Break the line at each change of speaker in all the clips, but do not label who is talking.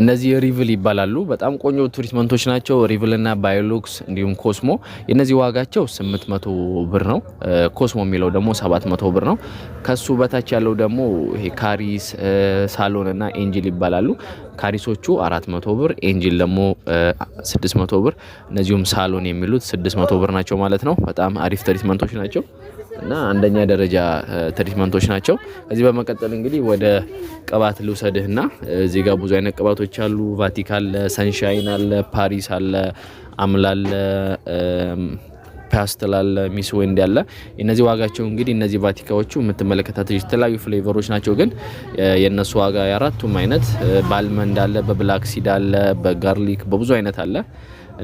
እነዚህ ሪቭል ይባላሉ። በጣም ቆንጆ ቱሪስመንቶች ናቸው። ሪቭል እና ባዮሎክስ እንዲሁም ኮስሞ የነዚህ ዋጋቸው 800 ብር ነው። ኮስሞ የሚለው ደግሞ 700 ብር ነው። ከሱ በታች ያለው ደግሞ ካሪስ ሳሎን እና ኤንጅል ይባላሉ። ካሪሶቹ 400 ብር፣ ኤንጅል ደግሞ 600 ብር፣ እነዚሁም ሳሎን የሚሉት 600 ብር ናቸው ማለት ነው። በጣም አሪፍ ቱሪስመንቶች ናቸው። እና አንደኛ ደረጃ ትሪትመንቶች ናቸው። ከዚህ በመቀጠል እንግዲህ ወደ ቅባት ልውሰድህ እና እዚህ ጋር ብዙ አይነት ቅባቶች አሉ። ቫቲካን አለ፣ ሰንሻይን አለ፣ ፓሪስ አለ፣ አምላለ አለ ፓስተል አለ ሚስ ወንድ ያለ እነዚህ ዋጋቸው እንግዲህ እነዚህ ባቲካዎቹ የምትመለከታቸው የተለያዩ ፍሌቨሮች ናቸው። ግን የእነሱ ዋጋ የአራቱም አይነት በአልመንድ አለ፣ በብላክ ሲድ አለ፣ በጋርሊክ በብዙ አይነት አለ።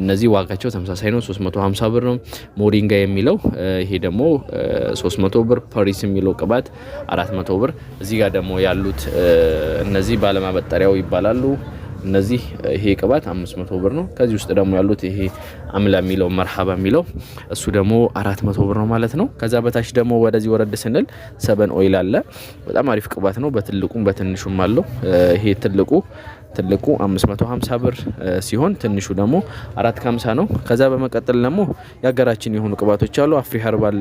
እነዚህ ዋጋቸው ተመሳሳይ ነው፣ 350 ብር ነው። ሞሪንጋ የሚለው ይሄ ደግሞ 300 ብር፣ ፓሪስ የሚለው ቅባት 400 ብር። እዚህ ጋር ደግሞ ያሉት እነዚህ ባለማበጠሪያው ይባላሉ። እነዚህ ይሄ ቅባት 500 ብር ነው። ከዚህ ውስጥ ደግሞ ያሉት ይሄ አምላ የሚለው መርሃባ የሚለው እሱ ደግሞ 400 ብር ነው ማለት ነው። ከዛ በታች ደግሞ ወደዚህ ወረድ ስንል ሰበን ኦይል አለ። በጣም አሪፍ ቅባት ነው። በትልቁም በትንሹም አለው። ይሄ ትልቁ ትልቁ 550 ብር ሲሆን ትንሹ ደግሞ 450 ነው። ከዛ በመቀጠል ደግሞ የሀገራችን የሆኑ ቅባቶች አሉ። አፍሪ ሀርባል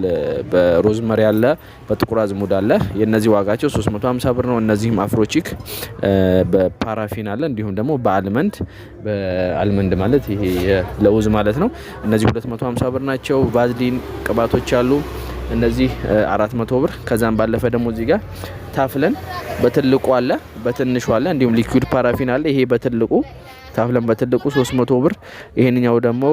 በሮዝመሪ አለ፣ በጥቁር አዝሙድ አለ። የነዚህ ዋጋቸው 350 ብር ነው። እነዚህም አፍሮቺክ በፓራፊን አለ፣ እንዲሁም ደግሞ በአልመንድ በአልመንድ ማለት ይሄ ለውዝ ማለት ነው። እነዚህ 250 ብር ናቸው። ቫዝሊን ቅባቶች አሉ። እነዚህ 400 ብር ከዛም ባለፈ ደግሞ እዚህ ጋር ታፍለን በትልቁ አለ በትንሹ አለ እንዲሁም ሊኩዊድ ፓራፊን አለ። ይሄ በትልቁ ታፍለን በትልቁ 300 ብር፣ ይሄንኛው ደግሞ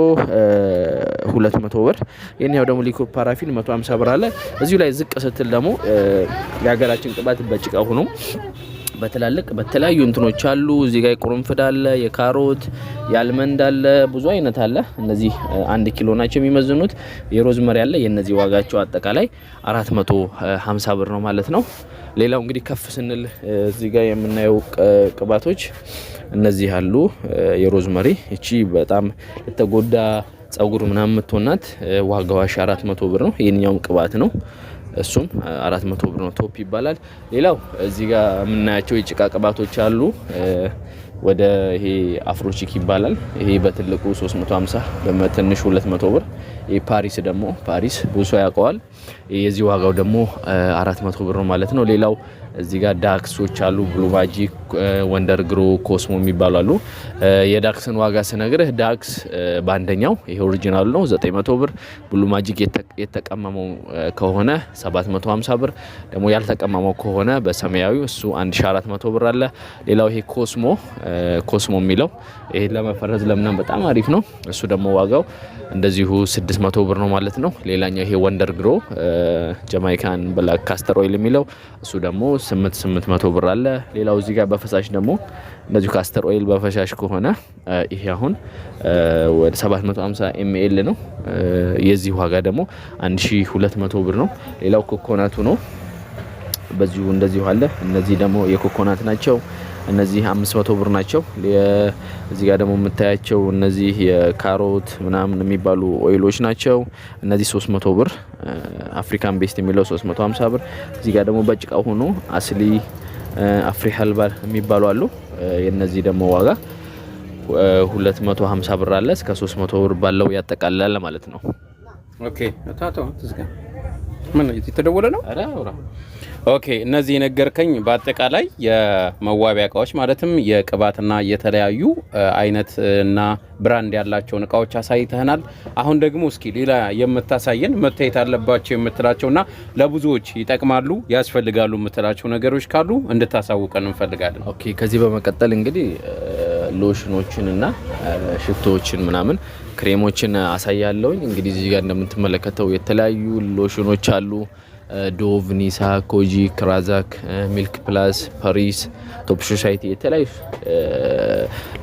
200 ብር፣ ይሄንኛው ደግሞ ሊኩዊድ ፓራፊን 150 ብር አለ። እዚሁ ላይ ዝቅ ስትል ደግሞ የሀገራችን ቅባት በጭቃ ሆኖ በትላልቅ በተለያዩ እንትኖች አሉ። እዚህ ጋር የቁርንፍድ አለ፣ የካሮት የአልመንድ አለ፣ ብዙ አይነት አለ። እነዚህ አንድ ኪሎ ናቸው የሚመዝኑት። የሮዝመሪ አለ። የነዚህ ዋጋቸው አጠቃላይ 450 ብር ነው ማለት ነው። ሌላው እንግዲህ ከፍ ስንል እዚህ ጋር የምናየው ቅባቶች እነዚህ አሉ። የሮዝመሪ እቺ በጣም የተጎዳ ጸጉር ምናምን የምትሆናት ዋጋዋ 400 ብር ነው። ይህኛውም ቅባት ነው። እሱም 400 ብር ነው። ቶፕ ይባላል። ሌላው እዚህ ጋር የምናያቸው የጭቃ ቅባቶች አሉ። ወደ ይሄ አፍሮቺክ ይባላል። ይሄ በትልቁ 350 በትንሹ 200 ብር። ይሄ ፓሪስ ደግሞ ፓሪስ ብዙ ያውቀዋል። የዚህ ዋጋው ደግሞ 400 ብር ነው ማለት ነው። ሌላው እዚህ ጋር ዳክሶች አሉ፣ ብሉ ማጂክ፣ ወንደር ግሮ፣ ኮስሞ የሚባሉ አሉ። የዳክስን ዋጋ ስነግርህ ዳክስ በአንደኛው ይሄ ኦሪጂናሉ ነው 900 ብር። ብሉ ማጂክ የተቀመመው ከሆነ 750 ብር፣ ደግሞ ያልተቀመመው ከሆነ በሰማያዊ እሱ 1400 ብር አለ። ሌላው ይሄ ኮስሞ ኮስሞ የሚለው ይሄ ለመፈረዝ ለምናም በጣም አሪፍ ነው። እሱ ደግሞ ዋጋው እንደዚሁ 600 ብር ነው ማለት ነው። ሌላኛው ይሄ ወንደር ግሮ ጀማይካን ብላክ ካስተር ኦይል የሚለው እሱ ደግሞ ስምንት ስምንት መቶ ብር አለ። ሌላው እዚህ ጋር በፈሳሽ ደግሞ እንደዚሁ ካስተር ኦይል በፈሳሽ ከሆነ ይሄ አሁን ወደ 750 ኤምኤል ነው። የዚህ ዋጋ ደግሞ 1200 ብር ነው። ሌላው ኮኮናቱ ነው። በዚሁ እንደዚሁ አለ። እነዚህ ደግሞ የኮኮናት ናቸው። እነዚህ አምስት መቶ ብር ናቸው። እዚህ ጋር ደግሞ የምታያቸው እነዚህ የካሮት ምናምን የሚባሉ ኦይሎች ናቸው። እነዚህ 300 ብር አፍሪካን ቤስት የሚለው 350 ብር። እዚህ ጋር ደግሞ በጭቃ ሆኖ አስሊ አፍሪ ሀልባል የሚባሉ አሉ። የነዚህ ደግሞ ዋጋ 250 ብር አለ እስከ 300 ብር ባለው ያጠቃልላል ማለት ነው።
ኦኬ ምን እየተደወለ ነው? ኦኬ እነዚህ የነገርከኝ በአጠቃላይ የመዋቢያ እቃዎች ማለትም የቅባትና የተለያዩ አይነት እና ብራንድ ያላቸውን እቃዎች አሳይተህናል። አሁን ደግሞ እስኪ ሌላ የምታሳየን መታየት አለባቸው የምትላቸውና ለብዙዎች ይጠቅማሉ ያስፈልጋሉ የምትላቸው ነገሮች ካሉ እንድታሳውቀን እንፈልጋለን።
ኦኬ ከዚህ በመቀጠል እንግዲህ ሎሽኖችን እና ሽቶዎችን ምናምን ክሬሞችን አሳያለውኝ። እንግዲህ እዚህ ጋር እንደምትመለከተው የተለያዩ ሎሽኖች አሉ ዶቭ፣ ኒሳ፣ ኮጂ፣ ክራዛክ፣ ሚልክ ፕላስ፣ ፓሪስ፣ ቶፕ ሶሳይቲ የተለያዩ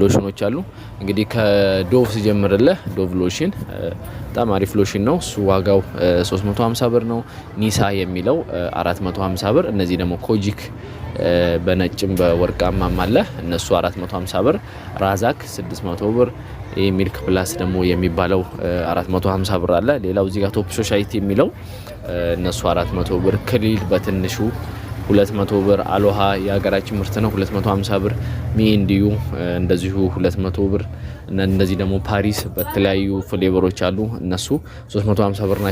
ሎሽኖች uh, አሉ። እንግዲህ ከዶቭ ስጀምርልህ ዶቭ ሎሽን uh, በጣም አሪፍ ሎሽን ነው። እሱ ዋጋው 350 uh, ብር ነው። ኒሳ የሚለው 450 ብር። እነዚህ ደግሞ ኮጂክ በነጭም በወርቃማም አለ። እነሱ 450 ብር። ራዛክ 600 ብር። ይህ ሚልክ ፕላስ ደግሞ የሚባለው 450 ብር አለ። ሌላው እዚጋ ቶፕ ሶሻይቲ የሚለው እነሱ 400 ብር፣ ክሊል በትንሹ 200 ብር፣ አሎሃ የሀገራችን ምርት ነው 250 ብር፣ ሚንዲዩ እንደዚሁ 200 ብር። እነዚህ ደግሞ ፓሪስ በተለያዩ ፍሌቨሮች አሉ እነሱ 350 ብር ናቸው።